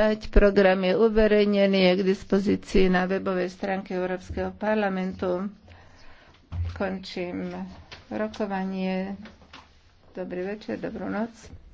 čítať. Program je uverejnený, je k dispozícii na webovej stránke Európskeho parlamentu. Končím rokovanie. Dobrý večer, dobrú noc.